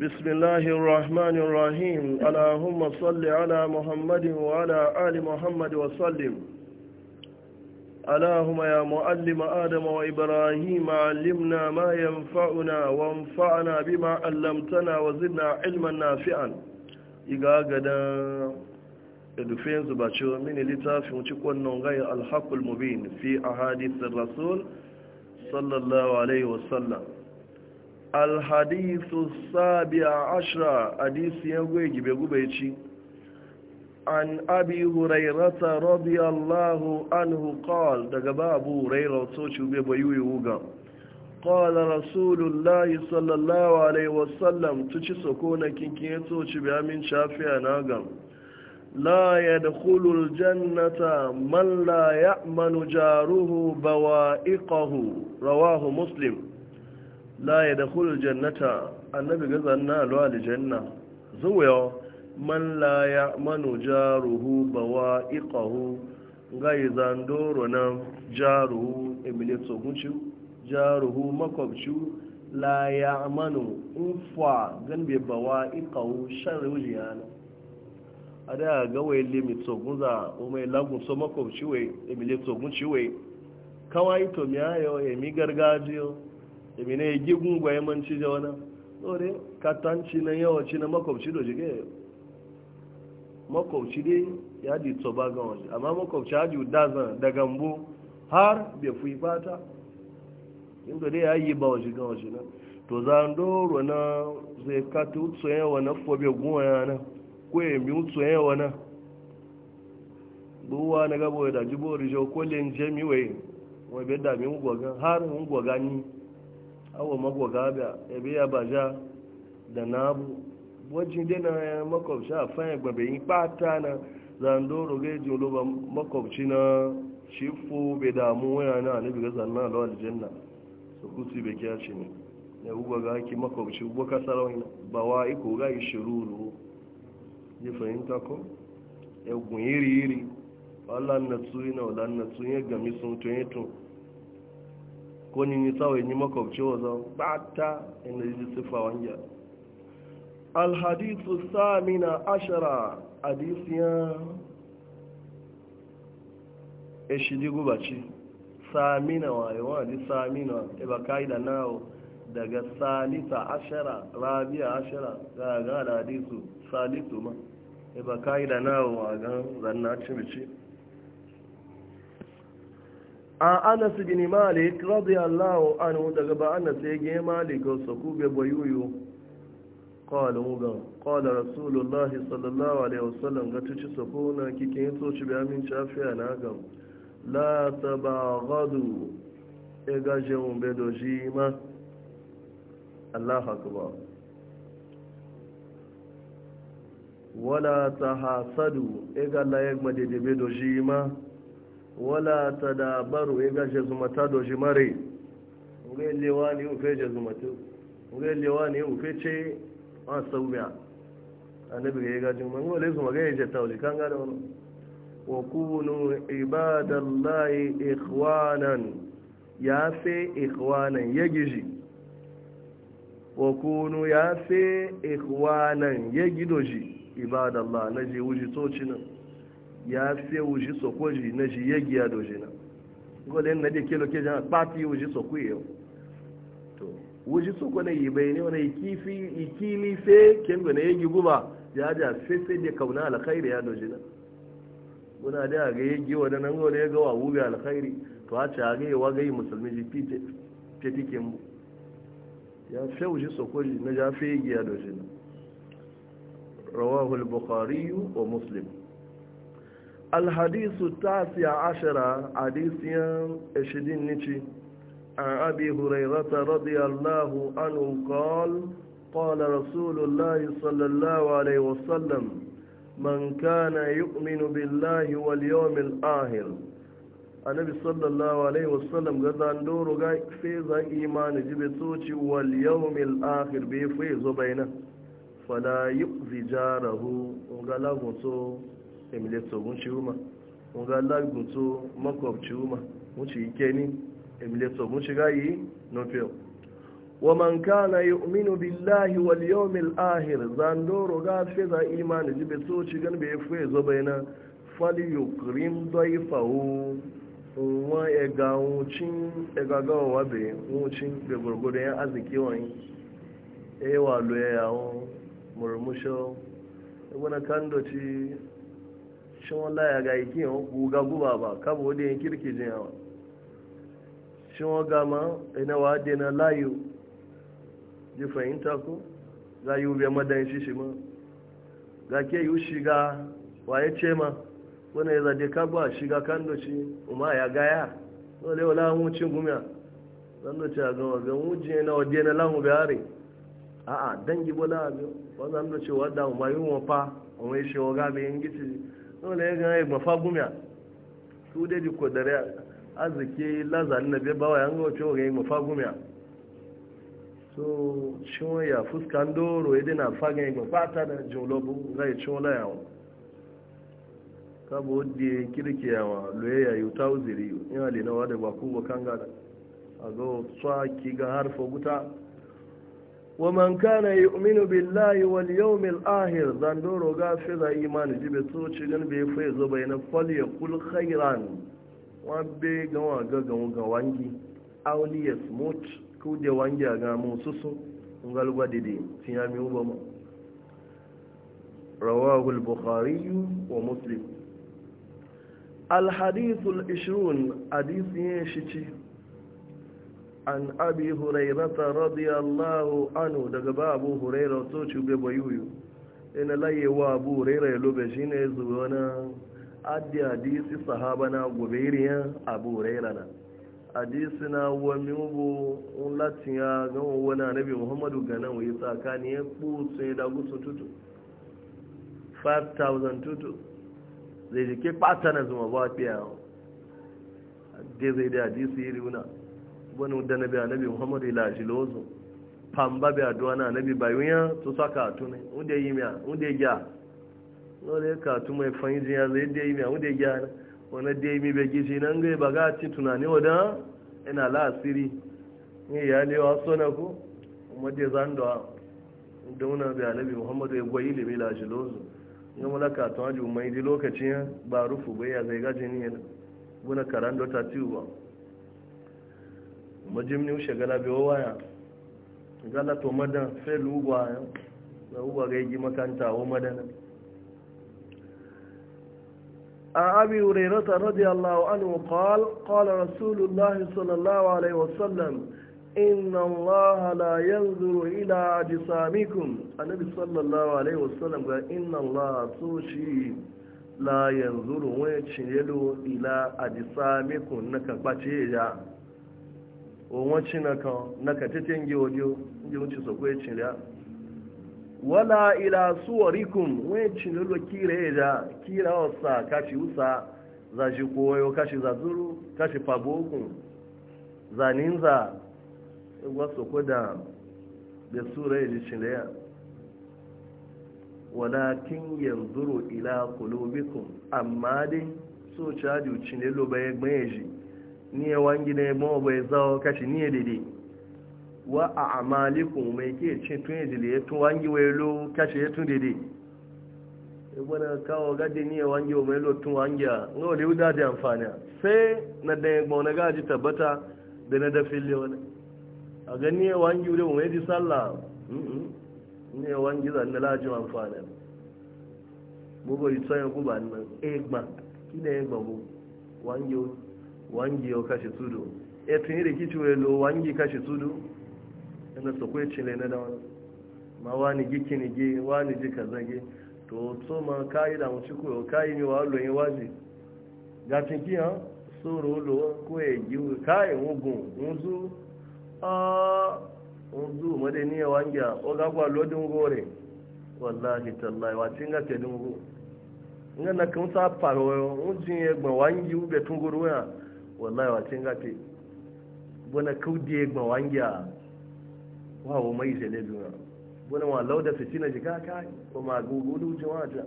بسم الله الرحمن الرحيم اللهم صل على محمد وعلى آل محمد وسلم اللهم يا معلم آدم وإبراهيم علمنا ما ينفعنا وانفعنا بما علمتنا وزدنا علما نافعا إغاغدا edufin zubacewa mini littafin wuce kwanon gaya alhaqul mubin fi ahadith rasul sallallahu alaihi wasallam alhadisu sabi'a ashira hadisi ya gwe gibe gubeci an abi hurairata radiyallahu anhu qal daga ba abu huraira so cube bai yi wuga قال رسول الله صلى الله عليه وسلم تشي سكونا كينكين توشي بأمين شافي أناغم لا يدخل الجنة من لا يأمن جاره بوائقه رواه مسلم la ya da kulu jannata annabi ga na alwa aljanna zuwa man la ya manu jaruhu bawa ga yi zandoro na jaruhu emile tsogunci jaruhu makwabci la ya manu ufa ganbe bawa iqahu shan yana a da gawai limit tsogun za umai lagun so makwabci wai emile tsogunci wai kawai to yau emi gargajiyo ibi na yi gungwa ya manci da wani ɗore katanci na yawanci na makwabci da jige makwabci dai ya ji tsoba ga waje amma makwabci ya ji dazan da gambo har bai fi fata inda dai ya yi ba waje ga waje na to za a doro na zai kata utsoyen ya na fobe goma yana ko ya mi utsoyen yawa na buwa na gabo da jibo rijo ko lenje miwe bai dami ngwagan har ngwagan ni awa magwaga biya ebe ya baja da nabu wajen dina ya makwabci a fayin gbabe yi pata na zandoro ga ejin loba makwabci na shifo bai damu waya na anabi ga zannan lawa aljanna su kusi bai kya ci ne ya gugwa ga haki makwabci gugwa kasar ba wa iko ga yi shiruru ya fahimta ko ya gun iri iri wala na tsuyi na wala na tsuyi ya gami sun tun yi tun ko ni ni tsawai ni makwabci wazan bata inda yi sifa wanja alhadisu samina ashara hadisiyan eshidi gubaci samina wayewa hadi samina eba ka'ida nawo daga salisa ashara rabia ashara ga da hadisu salisu ma eba ka'ida nawo a gan zanna cimici an anas bin malik radiyallahu anhu daga ba anas ya ge malik su kube bayuyu qala muga qala rasulullahi sallallahu alaihi wasallam ga tuci kuna kike to ci bi amin chafiya na ga la tabaghadu e ga je un bedo jima allah akbar wala tahasadu e ga la yagma de bedo jima wala ta dabaru ya gashe zumata doji mare ngai lewa ne ufe je zumatu ngai lewa ne ufe ce a sauya annabi ya gajin man wale su magana ya tauli kan gane wani wa kunu ibadallahi ikhwanan ya fe ikhwanan ya gishi wa kunu ya fe ikhwanan ya gidoji ibadallah na je wuji ya fe wuji soko ji na ji ya giya doji na gole na da kelo ke jan pati wuji soko yau to wuji soko na yi bai ne wani kifi ikili fe kengo na yagi guba ya ja fe fe da kauna alkhairi ya doji na muna da ga yagi wa nan gole ya ga wa wuga alkhairi to a a ga wa ga musulmi ji pite ke mu ya fe wuji soko ji na ja fe giya doji na Rawahul bukhari wa muslim الحديث التاسع عشر حديث اشدين نتي عن أبي هريرة رضي الله عنه قال قال رسول الله صلى الله عليه وسلم من كان يؤمن بالله واليوم الآخر النبي صلى الله عليه وسلم قد اندورو غاي فيزا إيمان جبتوشي واليوم الآخر بيفيزو بينه فلا يؤذي جاره وقال له emile sogun ciwuma wọn ga lagun to makon ciwuma wọn ci ike ni emile sogun shiga yi na wa man kana yu'minu billahi wal yawmil akhir zandoro ga fe za imani jibe so ci gan be fe zo bayna fali yukrim daifahu wa e ga uncin e ga ga wa be uncin be gurgudu yan aziki wani e wa lo ya yawo murmusho e wani kando ci shi wala ya ga yake yawan guga guba ba kaba wadda yin kirki jin yawa shi wa gama ina wa na layu ji fahimta ko za yi ube madan shi shi ma ga ke yi shiga waye ce ma wani ya zade kaba shiga kan doci umar ya gaya dole wala gumiya zan doci a gama ga wuce na wadda na lamu bihari a'a dangi bola doci wadda yi shi yin gici dole ya gaya mafa gumiya su dai ji kodare arziki lazari na bai bawa yan gawace wa gaya mafa gumiya so cin ya fuska ndoro ya dina fagen ya ta da jolobu zai cin layawa kabo wadda kirki yawa loye ya yi ta uziri yana lina da bakuwa kan gada a ga tsaki ki ga harfa guta ومن كان يؤمن بالله واليوم الآخر زندور غافظ إيمان جبتو تشغن بيفيز بين فليقل خيرا وابي غوا غوا غوانجي يسموت كو دي وانجي أغامو سوسو ngalwa didi tiyami ubama رواه البخاري ومسلم الحديث العشرون حديث يشتي an abi hurairata radiyallahu anhu daga ba abu huraira to cube bayuyu ina laye wa abu huraira ya lobe shi ne zuwa na adi hadisi sahaba na goberiya abu huraira na hadisi na wa miubu latin ya gama wani anabi muhammadu gana wa tsakani ya kutu ya dagu su tutu 5000 tutu zai jike pata na zuma zai da hadisi iri wuna wani da nabi anabi muhammadu ila jilozo pamba bi aduwa na anabi bayunya to sa katu ne unde yi miya unde gya lole katu mai fanyi jiya zai de yi miya unde gya na wani de yi mi be gishi nan gai ba ga ci tunani wadan ina la asiri ni ya lewa sona ko kuma de zandowa da wani bi anabi muhammadu e ya gwayi limi ila jilozo ga mulaka to aji mai di lokacin ba rufu bai ya zai gaji ne yana buna karan dota tiwa kuma jimni ushe gala bi wa waya gala to madan fe lugwa ya na uba ga yi makanta wa madan a abi hurairata radiyallahu anhu qala qala rasulullah sallallahu alaihi wa sallam inna allaha la yanzuru ila a annabi sallallahu alaihi wa sallam ga inna allaha tushi la yanzuru wa chiyelu ila ajsamikum naka pachiya wacce na kan na katiten gewajo inda wuce su kwaye ya wala ila suwarikun wani cire lo kira ya da kira sa kashi wusa za shi koyo kashi za zuru kashi fabokun za ninza e, wasu ko da sura ya ji cire ya walakin yanzuru ila kulubikun amma dai so caji cire lo baye gbaye shi niye wangi ne mo bai zawo kashi niye dede wa a amalikun mai ke cin tun yi e dede tun wangi wai lo kashi ya e tun dede ibana kawo gadi niye wangi wa mai lo tun wangi a nga wale wuda da amfani sai na da ya gbona gaji tabbata da na da fili wani a ga niye wangi wule mai ji sallah niye wangi zan da lajin amfani gbogbo itsayin guba nan egba kí egba gbogbo wangi wani wangi yau kashi sudu e tun yi rikici wai lo wangi kashi sudu yana su kwai cile na dawa ma wani giki ni ge wani ji ka zage to so ma kayi da mu ciko kayi ni wa lo yin waje ga tin kiya so ro lo ko e gi kayi wugun unzu a unzu made ni wangi o ga kwa lo dun gore wallahi tallahi wa tinga ke dun go ngana kan sa paro unjin e gbon wangi u be tunguru ya wallahi wacin gafe buna kaudiye ma wangiya wa mai zele duna buna wa lauda fitina jika kai ma gugulu jama'a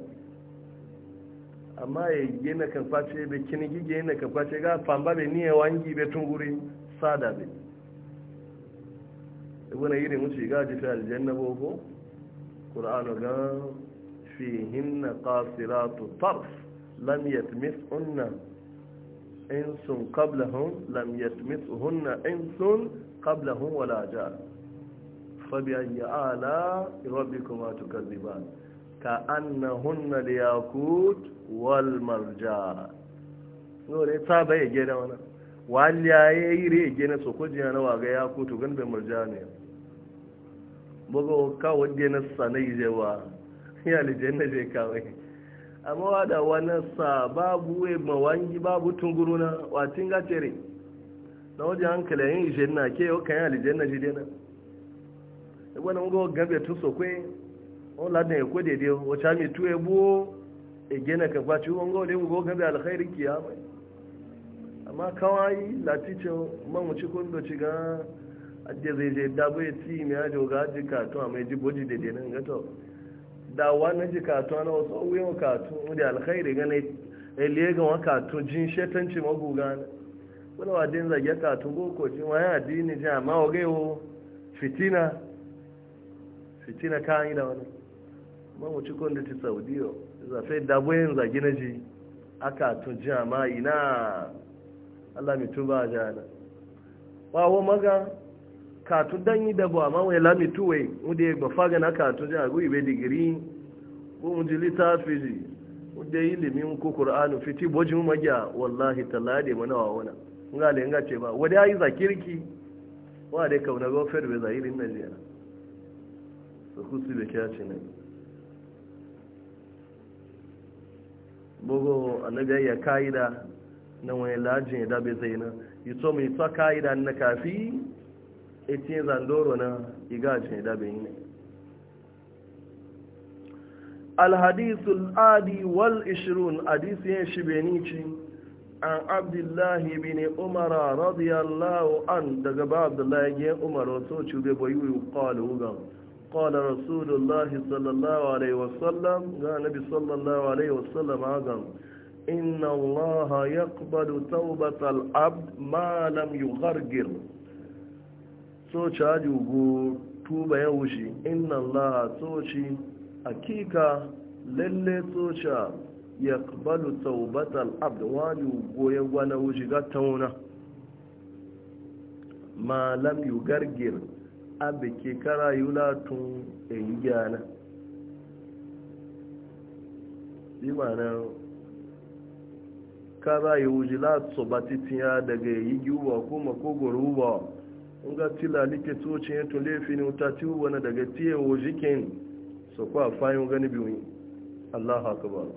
amma ya gina kan face bai kini gige yana kan face ga famba bai niya wangi bai tunguri sada bai ibuna irin wuce ga jifi aljanna boko ƙur'anu ga hinna qasiratu tarf lam Unna. insun qablahum lam yatmithunna insun qablahum wala jan fabi'ayyi ala rabbikuma da ya liyakut wal marjan dole ta bai gena wannan waliya yayi re gena sokojiya na waga yakutu gan bai marjane bugo ka wadde na sanai jewa ya lijanna je kawai amma wada wani sa babu mawangi babu tunguru na watin gatere na wajen hankali yin ishe na ke yau kan yi alijen na jide na ebe wani mugo gabe tun so kwe o ladin ya kwede dede o cha tu tuwe buo e gena ka kwaci o ngo le mugo gabe alkhairi mai amma kawai latice man mu ci kun do ci ga adde zai je dabo ya ci mai ajo ga jika to amma ji boji dede na. ga to da wani ji katu na wasu wuyan katu da alkhairi gane eliye ga wa katu jin shetanci maguga na wani wa din zage katu goko jin wa ya dini ji amma wa gaiwo fitina fitina kan yi da wani ma mu ci kon da ti saudiyo zafe daboyin zage na ji aka tun ji amma ina Allah mai tuba jana wawo maga katu dan yi dabo amma wai lami tuwe mude ba faga na katu ja gui be digiri ko mu ji litafi ji mude ilimin ko qur'anu fiti mu magiya wallahi talade mana wa wana in nga ce ba wada yayi zakirki wa dai kauna go fer be zahirin So jira su kusi be kiyace ne bogo annabi ya kaida na wani lajin e da be zaina yi so mai sa kaida na kafi etinye zandoro na igajin dabe ne alhadisul adi wal ishirun hadisiyen shibenici an abdullahi bin umara radiyallahu an daga ba abdullahi gen umara so cube bayu kwalu gan قال رسول الله صلى الله عليه وسلم قال النبي صلى الله عليه وسلم أعظم إن الله يقبل توبة العبد so caji tuba ya wuce inna allaha soci akika lalle soca ya kabalu taubatal abdu wani gwana wuce ga tauna ma lam yu gargir abe ke kara yula tun eyi gyana bi kara yi wuce la tsobati tiya daga yi giwa ko makogoro ba nga tila like tsoci ya to lefi ne ta ci wani daga tiye wo jikin so kwa fayin gani biyu Allahu akbar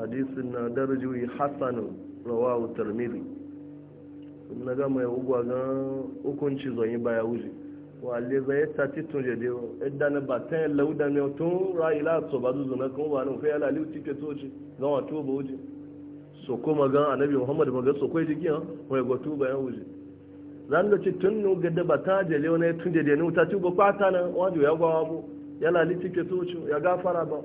hadisin na Rawa hasan rawahu tirmidhi na ga mai ugwa ga hukunci zonyi baya wuce wale zai ta titun jade idan na batan lauda ne tun ra'ila so ba zuzu na kuma ba nan fa yala liu tike toci ga wato ba wuce so kuma ga annabi Muhammadu ma ga so kai jikin wai go tuba ya wuce zanga ci tun nu gada ba ta jele wani tun da ni wuta ci ba kwata nan wajo ya gwawa bu ya lalici ke soci ya gafara ba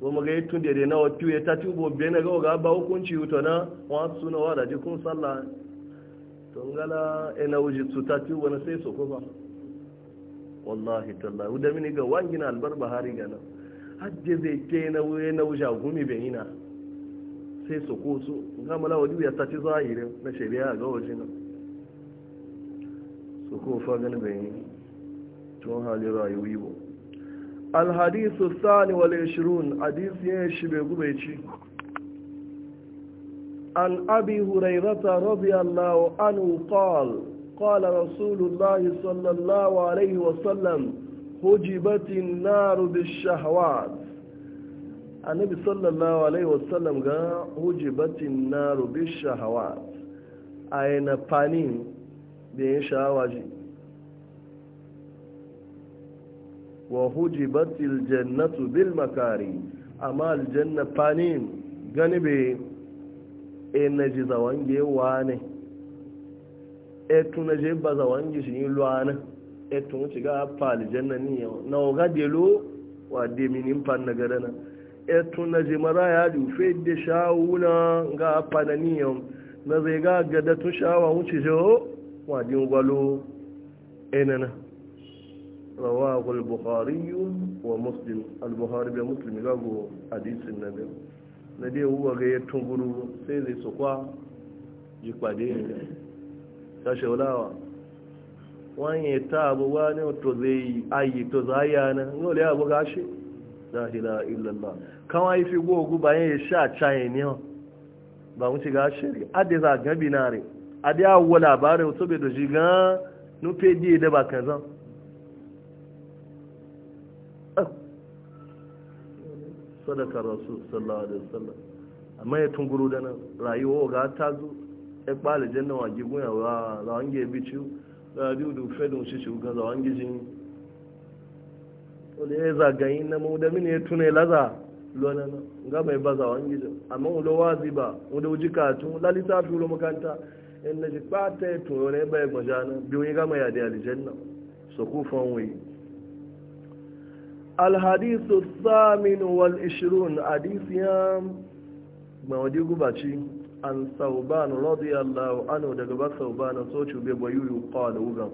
mu ga yi tun da e na wato e ya ta ci ba na ga ga ba hukunci wuta na wasu na Wa da jikun sallah tun gala ina wuji su ta ci wani sai su kuma wallahi talla wuda mini ga wangina albar bahari ga nan hajje zai ke na wuye na wuja gumi bai na. sai su ko su ga mala wadi ya ta ci zahirin na shari'a ga wajen nan su ko fagen bayani tun hali rayuwi bu alhadisu sani wal ishirun hadisi ya shi bai gube ci an abi hurairata radiyallahu anhu qal qala rasulullahi sallallahu alaihi الله عليه وسلم حجبت النار بالشهوات annabi sallallahu alaihi wasallam ga hujibatin naru bishahawat aina panin da ya sha waje wa hujibatil jannatu bil makari amma aljanna fanin gani be e na ji zawange wane e tuna je ba zawange shi lwana e tun ci ga fa aljanna ni na oga de lo wa de minin pan na gadana e tuna je mara ya du fe de shawuna ga fa na ni na zai ga gada tun shawa wuce jo wadin gwalo enana rawahu al-bukhari wa muslim al-bukhari muslim gago hadisin nabi na dai huwa ga yattun guru sai zai sokwa yi kwade ne ta shaulawa wani ta abu wani to zai ayi to zaya na yole abu gashi la ilaha illallah kawai yi fi gogu bayan ya sha caye ne ba mu ci ne na a da yawo labarin wato bai da shiga nufe diye da ba kan zan sadaka rasu sallallahu alaihi wasallam amma ya tunguru da nan rayuwa ga ta zo ya kpali janna wa gigun yawa za wange biciu za biyu da fedun shi shi ga za wange jini wani ya zagayi na mu da mini ya tuna laza lona na ga mai baza wange jini amma ulo wazi ba wanda wuji katun lalita fi ulo makanta in na ji ɓata ya tuno ne bai majana biyu ya gama yadda aljanna su kufan wuyi alhadisu samin wal ishirun ya mawadi gubaci an sauban radiyallahu anu daga ba sauban so bayu yi qala ugan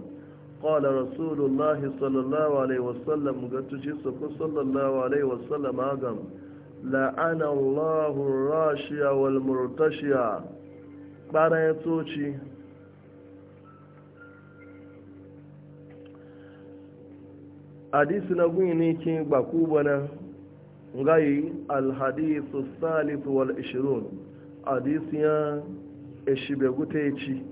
qala rasulullah sallallahu alaihi wasallam gatuci su ku sallallahu alaihi wasallam agam la'ana Allahu rashiya wal murtashiya bara ya tsoci hadisi na ne ke baku bana gayi alhadisu salisu wal ishirun hadisi ya ishibe gute ci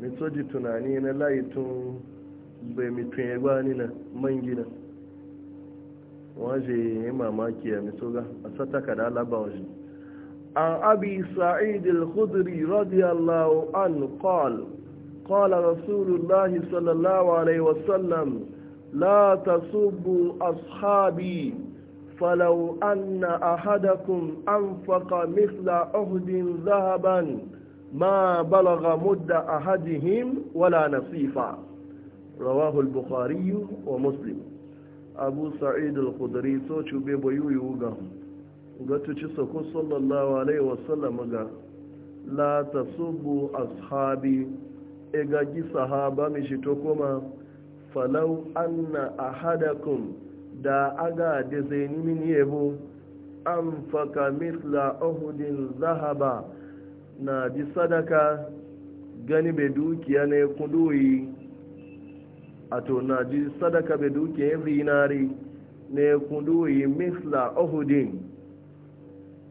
mitoji tunani na layitun bai mitun ya gbani na man gina waje mamaki ya mitoga a sata kada labawa shi عن أبي سعيد الخدري رضي الله عنه قال قال رسول الله صلى الله عليه وسلم لا تصبوا أصحابي فلو أن أحدكم أنفق مثل أهد ذهبا ما بلغ مد أحدهم ولا نصيفا رواه البخاري ومسلم أبو سعيد الخدري سوچو بيبيو يوغم gatuci sako sallallahu alaihi wasallam ga la tasubbu ashabi e gagi sahaba mi shi to kuma falau anna ahadakum da aga da zaini min yebo an faka mithla uhudin zahaba na ji sadaka gani bai dukiya ne kuduyi a to na ji sadaka bai dukiya zinari ne kuduyi mithla uhudin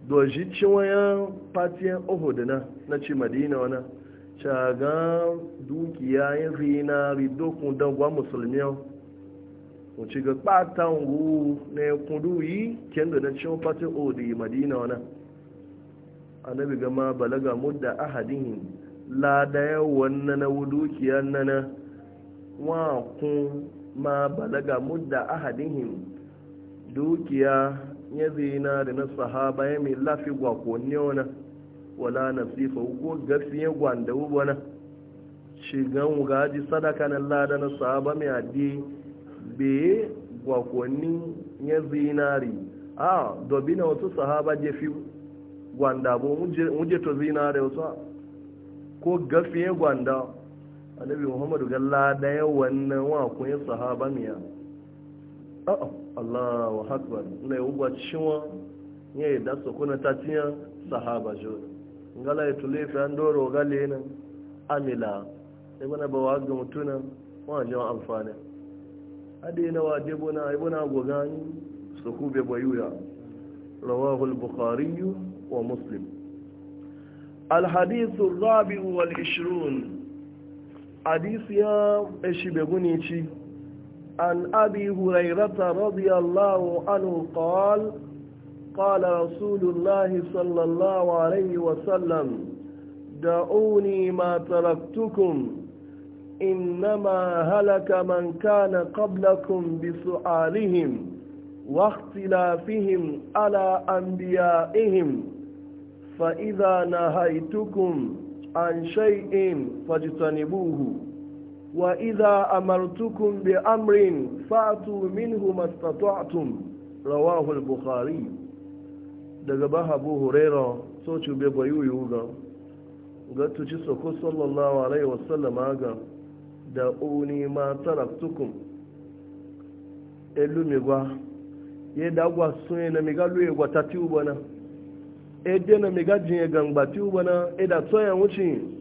doji ciwayen fatiyan ohudana na na ci madina wani shagan dukiya yin rina ridokun don gwa musulmi mu ci ga kpatan ru na ya kudu yi kendo na ciwon fatiyan ohudana yi madina wani annabi gama balaga mudda ahadin ladaya wannan na dukiya nana na. kun ma balaga mudda ahadin dukiya ya zina da na sahaba ya mai lafi gwa ko wani wala na sifa ko gafi ya gwanda wani shigan ji sadaka na lada na sahaba mai adi be gwa ko ya zinari a dobi na wasu sahaba je fi gwanda bo muje to da wasu ko gafi ya gwanda annabi muhammadu ga lada ya wannan wa kun sahaba mai a'a oh, allahu akbar na yi ugwa ciwa ya yi da su kuna ta tiya sahaba jo ngala ya tule fi an doro gale na amila ya gwana ba wa ga mutuna wani yawan amfani ade na wa debo na aibu na gogani su kube bayuya rawahul bukhari wa muslim الحديث الرابع والعشرون حديث يا اشي بغنيتي عن أبي هريرة رضي الله عنه قال قال رسول الله صلى الله عليه وسلم دعوني ما تركتكم إنما هلك من كان قبلكم بسؤالهم واختلافهم على أنبيائهم فإذا نهيتكم عن شيء فاجتنبوه وإذا أمرتكم بأمر فأتوا منه ما استطعتم رواه البخاري daga ba abu huraira so cube bayu yuga ga tuci soko sallallahu alaihi wasallam ga da uni ma taraktukum elu migwa ye dagwa sun na miga luye gwata tiubana e de na miga jinye gangbati ubana e da tsoyan wucin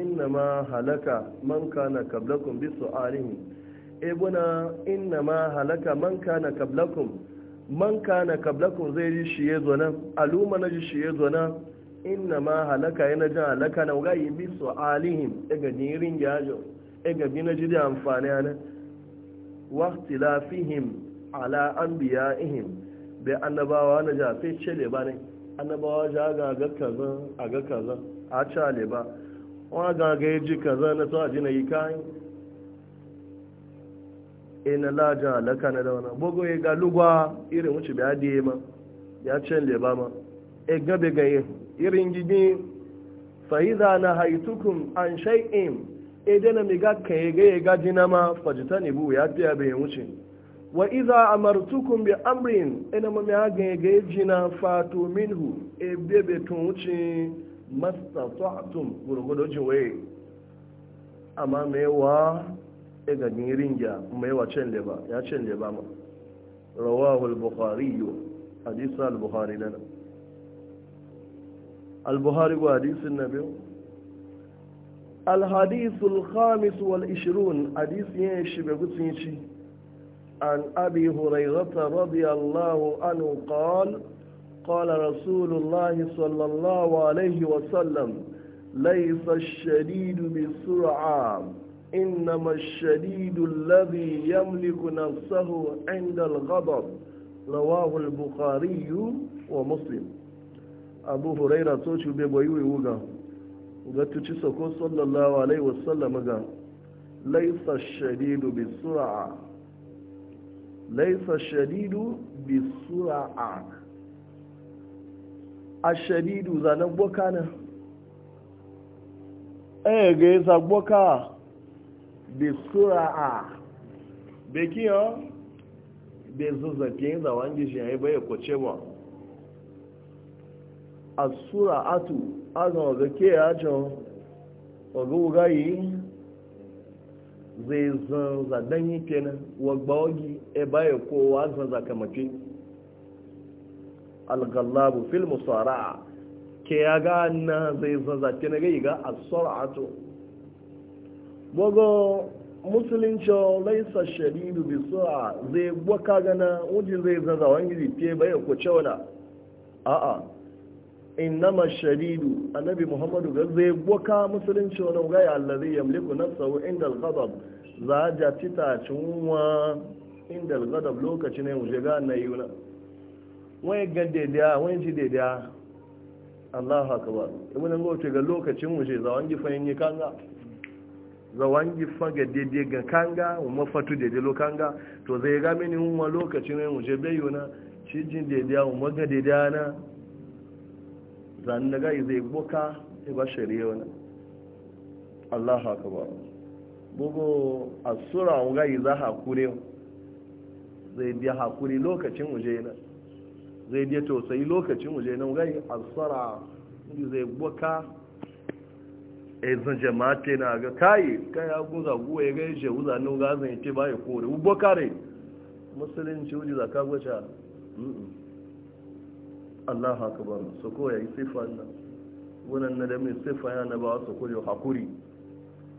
inna ma halaka man kana kablakum bi su'alihim ebuna inna ma halaka man kana kablakum man kana kablakum zai ji shi yazo nan aluma na ji shi yazo nan inna ma halaka yana jin halaka na yi bi su'alihim daga nirin yajo daga bi na ji da amfani ana wa ikhtilafihim ala anbiya'ihim bi annabawa na ja fi chele ba ne annabawa ja ga ga kaza a ga kaza a ca ba wa gaga ji kaza na sa ji na yi kayan ina e lajan alaka na da wani bugu ya e ga lugwa irin wuce bai adiye ma ya can leba ma e gabe gaye irin gigi fahiza na haitukun an shai'in idan e na miga ka ya ga ya gaji na ma fajita ne bu ya fiya bai wuce wa iza amartukum bi amrin ina ma mi hagan ya ga ya jina fatu minhu e bebe tun wuce mastata'tum gurgudu jiwaye amma mai wa ga girin ya mai can leba ya can leba ma rawahu al-bukhari hadisa al-bukhari lana al-bukhari wa hadisin nabi الحديث الخامس والعشرون حديث يشبه بغتنشي عن أبي هريرة رضي الله عنه قال قال رسول الله صلى الله عليه وسلم ليس الشديد بسرعة إنما الشديد الذي يملك نفسه عند الغضب رواه البخاري ومسلم أبو هريرة توشي بيبويوي يوغا وغتوشي سكو صلى الله عليه وسلم ليس الشديد بسرعة ليس الشديد بسرعة a shadidu zanen boka na ɗaya eh, ga gboka zagboka da sura'a da kiyo da zazzafin zawon gishi shi yi bai kwace ba a sura'atu azan waga ke ya can waga wuga yi zai zan zanen yi kenan wagba wagi e baya kowa zan zakamafin algallabu fil musara'a ke ya ga na zai zazzake na gai ga suratu bogo musulunci laysa shadidu bi su'a zai gwaka gana uji zai zaza wangiji fiye bai ku cewa a'a innama shadidu annabi muhammadu ga zai gwaka musulunci na ga ya allazi yamliku nafsahu inda al-ghadab za ja tita cinwa inda al-ghadab lokacin ne uje ga na yuna wani gan daidaya wani ji daidaya allahu ba ibn an gauce ga lokacin mu ce zawon gifan yin kanga zawon gifan ga daidai ga kanga wa mafatu daidai lo kanga to zai ga mini wa lokacin yin mu ce bayu na shi jin daidaya wa maga daidaya na zan daga zai boka ya ba shari'a wani allahu akbar bugu a sura wa yi za hakuri zai biya hakuri lokacin mu je na zai dai tausayi lokacin waje nan gai asara inda zai buka a eh, zan jama'ate na ga kayi kayi agun guwa ya gai shehu zanen gazan yake baya kore gwaka rai musulunci wuji za ka gwaca allah haka ba su ko ya yi sifa na wunan na da mai sifa ya na ba wasu kuri yau hakuri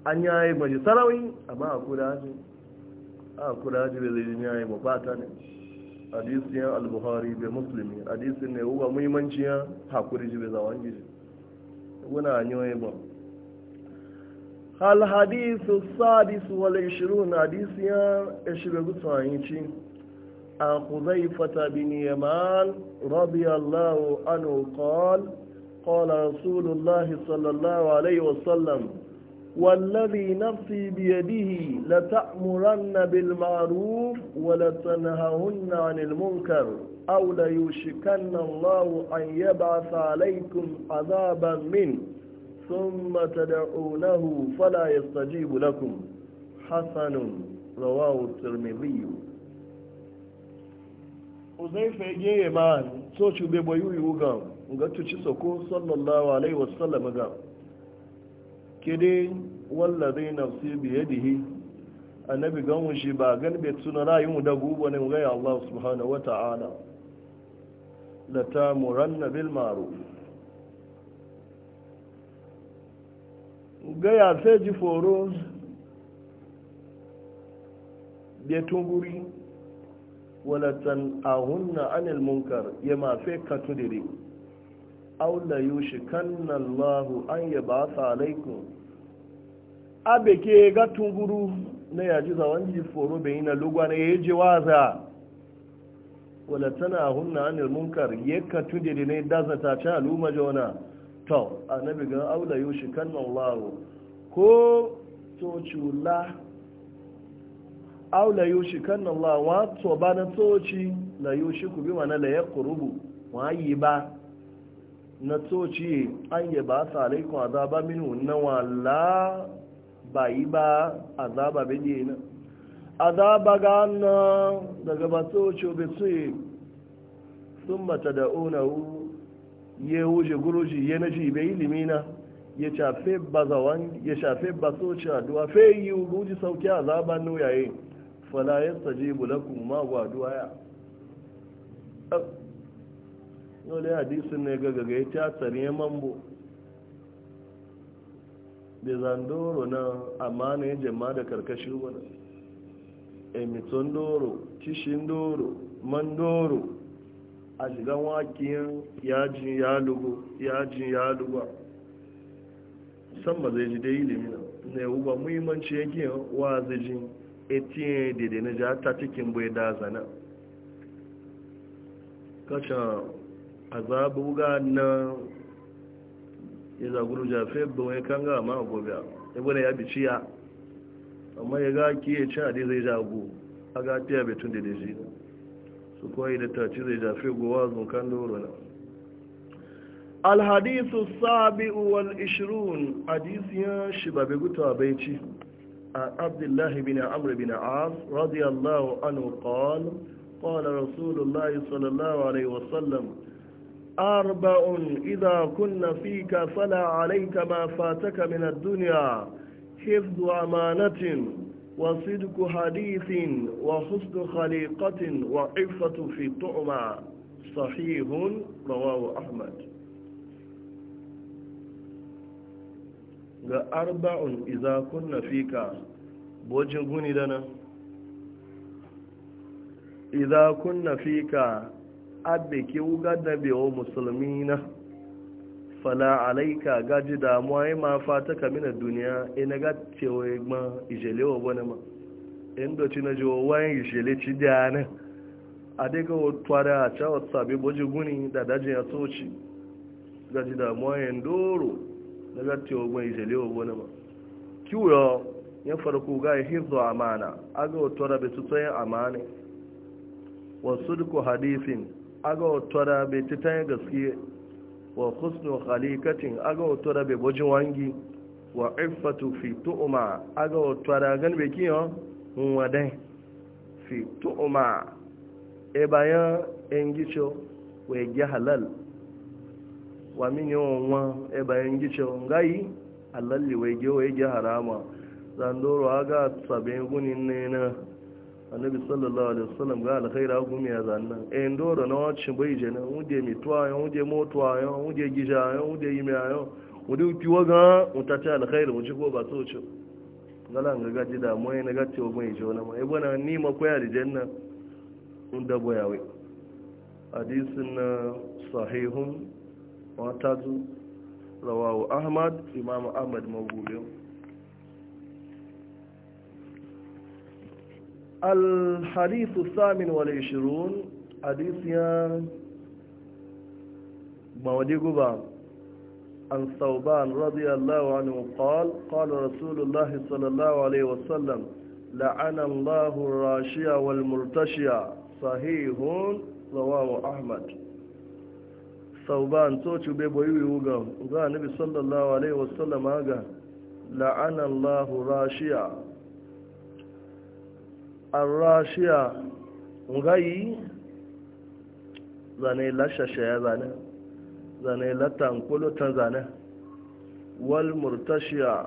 an ya yi sarawin amma a kudaji a kudaji bai zai yi yi mafata ne hadisi ya al-bukhari bai musulmi hadisi ne uba muhimmanci ya hakuri ji bai zawon gizi wani hanyoyi ba hal hadisu sadisu wal ishirun hadisi ya ishirin gutsanci a huzaifata bin Rabi radiyallahu anhu qala qala rasulullahi sallallahu alaihi wasallam والذي نفسي بيده لتأمرن بالمعروف ولتنهون عن المنكر أو ليوشكن الله أن يبعث عليكم عذابا منه ثم تدعونه فلا يستجيب لكم حسن رواه الترمذي uzaifa ya geye ma so cube bayu yi wuga ga tuci sako sallallahu alaihi wasallam ga walla kide wallazi nafsi biyadihi annabi ganwun shi ba galbe suna rayun da gubo ne ga Allah subhanahu wata'ala la tamuranna bil ma'ruf ga ya sai ji foro da tunguri wala tan ahunna anil munkar ya ma fe katudiri aula yushi kannan lahu an yi ba sa alaikun abe ke ga tunguru na yaji zawon ji foro bai na lugwa na yayi ji waza wala tana hunna anil munkar yakka tunde da ne dazata ta aluma jona to annabi ga aula yushi kannan lahu ko to chula aula yushi kannan lahu wa to na toci la yushi ku bi mana la yaqrubu wa yi ba na tsoci an yi ba sa alaikun azaba minu na wala ba yi ba azaba bide na azaba ga na daga ba tsoci obi tsoye sun mata da onahu ya wuce guruji ya na ji bai ilimi na ya shafe ba zawon ya shafe ba tsoci duwa fe yi guji sauki azaba nuyaye fala ya tsaje bulakun ma gwaduwa ya dole hadisin ne ga gaga ya ta tsariye mambo da zandoro na amana ya jama da karkashin wani emiton doro kishin doro man doro a shigan wakiyan yajin yalugo yajin yalugo san ba zai ji da ilimi na yau ba muhimmanci yake wazijin zai ji dede na jata cikin bai da zana kacin azabu ga na ya zaguru jafe ba ya kanga ma gobe ya ya biciya amma ya ga ki ya ci adi zai jago a ga fiya betun da daji su koyi da taci zai jafe gowa zunkan doro na alhadisu sabi wal ishirun hadisiyan shi babe guta a baici عن عبد الله بن عمرو بن عاص رضي الله عنه rasulullahi قال alaihi الله صلى أربع إذا كنا فيك فلا عليك ما فاتك من الدنيا حفظ أمانة وصدق حديث وحسن خليقة وعفة في الطعمة صحيح رواه أحمد أربع إذا كنا فيك بوجه لنا إذا كنا فيك abe ke wuga da bewa musulmi na fala alaika gaji damuwa ya ma fata kamina duniya ina ga cewa ma ijele wa wani ma inda ci na jiwa wani ijele ci da nan a daga wata da a cewa sabi boji guni da dajin ya soci gaji damuwa ya doro na ga cewa ma ijele wa wani ma kiwo ya farko ga ya hirzo amana aga wata da bai tutsayin amana wasu duku hadifin aga wato da bai ta gaske wa husnu khalikatin aga wato da bojin wangi wa iffatu fi tu'uma aga wato da gan bai kiyo wadai fi tu'uma e bayan engicho wa ya halal wa min yawan e bayan gicho ngai halalli wa ya ge harama zandoro aga sabin gunin ne na annabi sallallahu alaihi wasallam ga alkhaira gumi ya zanna en eh, doro na wacce bai je na wuje mi tuwa yo wuje motwa yo wuje gija yo wuje yimi yo wuje piwa ga mutata alkhaira wuje ko ba socho ngala nga gaji da mo na gatti wa mai jona ma bona ni ma koya da janna unda we hadisin sahihun wa tazu rawahu ahmad imam ahmad mawdu'i الحديث الثامن والعشرون حديث يا مودي قبا عن ثوبان رضي الله عنه قال قال رسول الله صلى الله عليه وسلم لعن الله الراشية والمرتشية صحيح رواه أحمد ثوبان توتو بيبويوي وقام قال النبي صلى الله عليه وسلم لعن الله الراشية arashiya ngayi zane lashashaya zane zane latankulutan zane wal murtashiya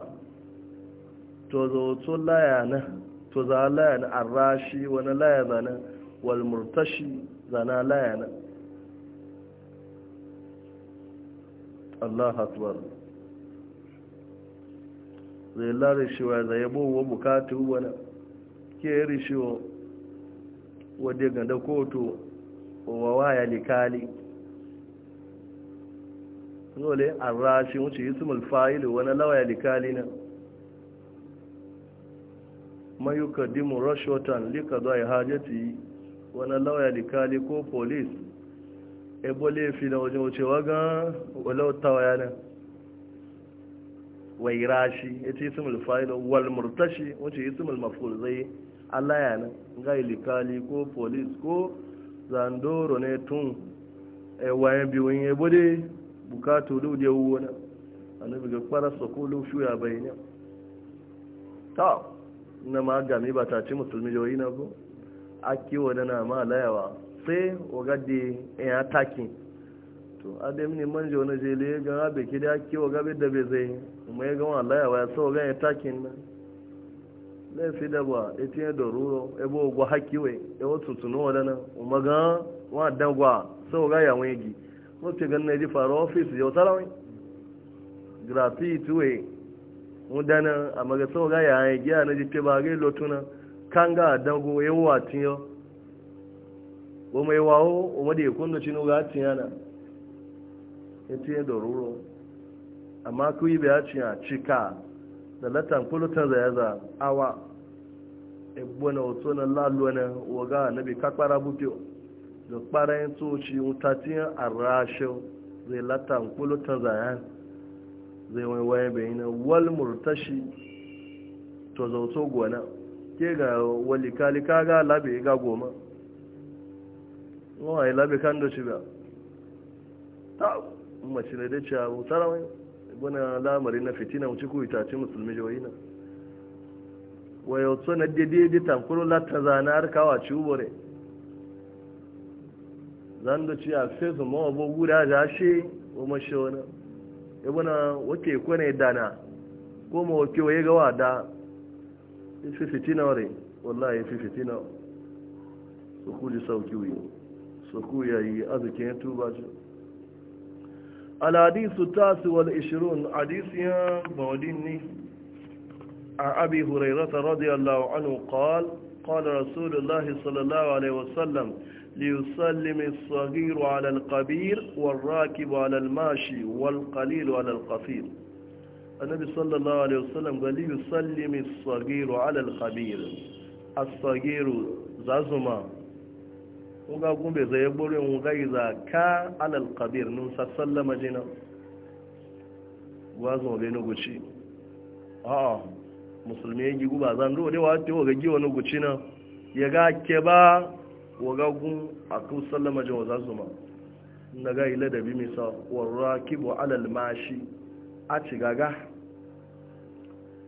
to zoto laya to za laya na arashi wani laya zane wal murtashi zana laya na Allah akbar zai lare shi wa zai yabo wa bukatu wani ke rishiyo wadda ganda koto wa waya likali nole an rashi wuce yi su mulfa'ilu wani lawaya likali na mayuka dimu rashotan lika zuwa ya hajjati wani lawaya likali ko polis ebo laifi na wajen wucewa gan walautawa yana wai rashi ya ce yi su mulfa'ilu wal murtashi wuce yi su mulmaful zai Allah ya nan ga ilikali ko polis ko zandoro ne tun e wayan biyun ya bude bukatu da uje wuwa na annabi ga fara sokolo shuya bayani ta na ma gami ba ta ci musulmi yoyi na ko aki na ma layawa sai ogade ya e, takin to adem ne man jo na jele ga abe da aki ogabe da be zai kuma ya ga wallahi wa so ga ya takin laifi da ba etinye da ruro ebe ogwa hakiwe ewo tutunu wadana umaga wa dagwa sau ga yawon yagi wacce gan na ji faru ofis yau tarawai gratuit we mudana a maga sau ga yawon yagi a na ji teba ga lotuna kan ga dago yawa tiyo o mai wawo o mada ya kunna cinu ga tiyana etinye da ruro amma kuyi bai a cika da latan kulutan zai yaza awa egbona wato na lalwana waga na bi kakpara buke da kpara yin tsoci mutatiyan arashin zai latan kulutan zayan zai wani wayan bayi na wal murtashi to zauto gona ke ga walikalika ga labe ga goma wawan yi labe kan da shi ba ta mace da dace a wutar wani wani lamari na fitina mu ciku itace musulmi na wayo so na dede de tankuro latta zana har kawa ci ubore zan da ci a fesu ma obo guda da ashe? o ma shi wani ibuna wake kone dana ko ma wake waye gawa da? ifi e fitina Wala wallahi ifi e fitina su kuji sauki wuyi su kuyayi ya tuba ce الحديث التاسع والعشرون حديث يا بوديني عن أبي هريرة رضي الله عنه قال قال رسول الله صلى الله عليه وسلم ليسلم الصغير على القبير والراكب على الماشي والقليل على القصير النبي صلى الله عليه وسلم قال ليسلم الصغير على الخبير الصغير زازما ga gumbe zai gbori mu gai za ka alal kabir nun sassallama jina wazo bai nuguci a'a musulmi ya gigu ba zan dole wa ta waga giwa nuguci na ya ga ke ba waga gun a kan sallama jin wa zasu ma na ga ila da bi misa warra kibo alal mashi a ci gaga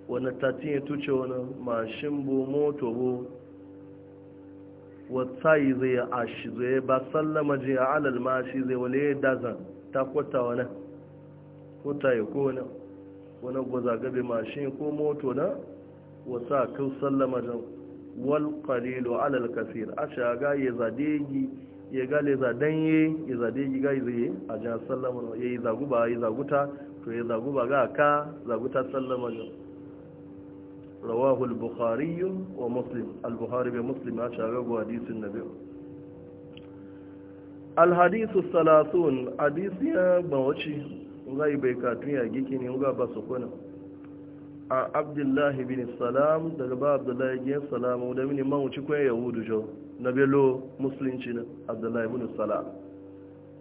wani tatin ya tuce wani mashin bo moto bo watsayi zai ashi zai ba sallama ji a alal mashi zai wale ya daza ta kwata wani kwata ya kone wani gwaza gabe mashi ko moto na wata kan sallama jan wal qalilu alal kasir a ga ya zadegi ya gale yi ya yi ga zai a jan sallama ya yi zaguba ya yi zaguta to ya zaguba ga ka zaguta sallama jan رواه البخاري ومسلم البخاري بمسلم أشعر حديث النبي الحديث الثلاثون حديث يا بوشي غايب كاتمي أجيكني وغابة سكونة a abdullahi bin salam daga ba abdullahi gen salamu da mini mawuci kwen yahudu jo na belo musulunci na abdullahi bin salam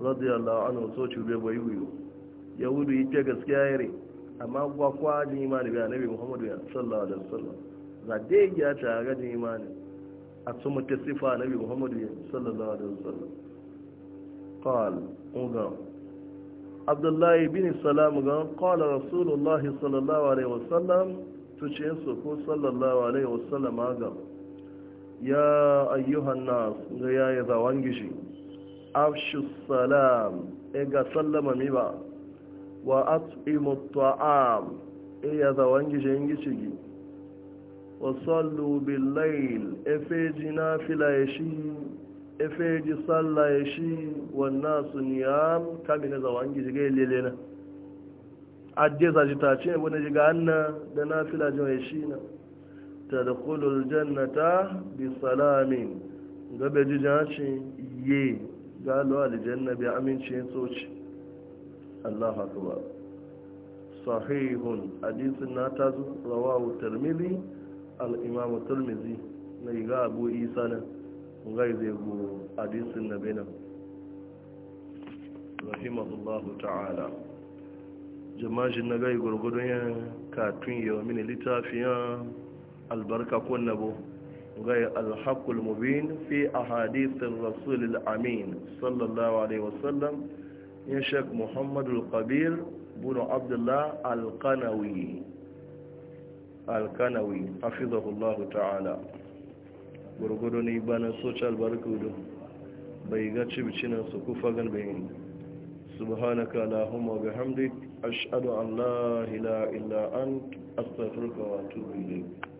radiyallahu anhu so ci bai bai yiwu yahudu yi ke gaskiya yare amma gwa kwa ji imani bi annabi muhammadu ya sallallahu alaihi wasallam za dai ya ta ga ji imani a tsuma mutu sifa annabi muhammadu ya sallallahu alaihi wasallam qal uga abdullahi bin salam ga qala rasulullahi sallallahu alaihi wasallam ce su ko sallallahu alaihi wasallam ga ya ayyuhan nas ga yayi gishi afshu salam e ga sallama mi ba wa at'imu at'am iya eh, za wangi je ngi chigi wa sallu bil layl efeji fila yashi e efeji salla yashi e wa nasu niyam ne za wangi je lelena adde za jita ce wani ga anna da nafila je yashi na tadkhulul jannata bi salamin gabe jijaci ye galo janna bi amincin e soci Allah akbar sahihun hadisin na ta zo rawahu tirmidhi al-imam tirmidhi na ga abu isa na ga zai go hadisin na bena rahimahullahu ta'ala jama'in na gai kafin ya katun mini littafiyan albarka ko nabo غير الحق المبين في أحاديث الرسول الأمين صلى الله ya shek muhammadu kabir bunu abdullah alkanawi alkanawi hafizahullahu ta'ala gurgudu ne bana social barkudu bai ga cibicinan su kufa gan bayan subhanaka allahumma bihamdik ashhadu an la ilaha illa ant astaghfiruka wa atubu ilayk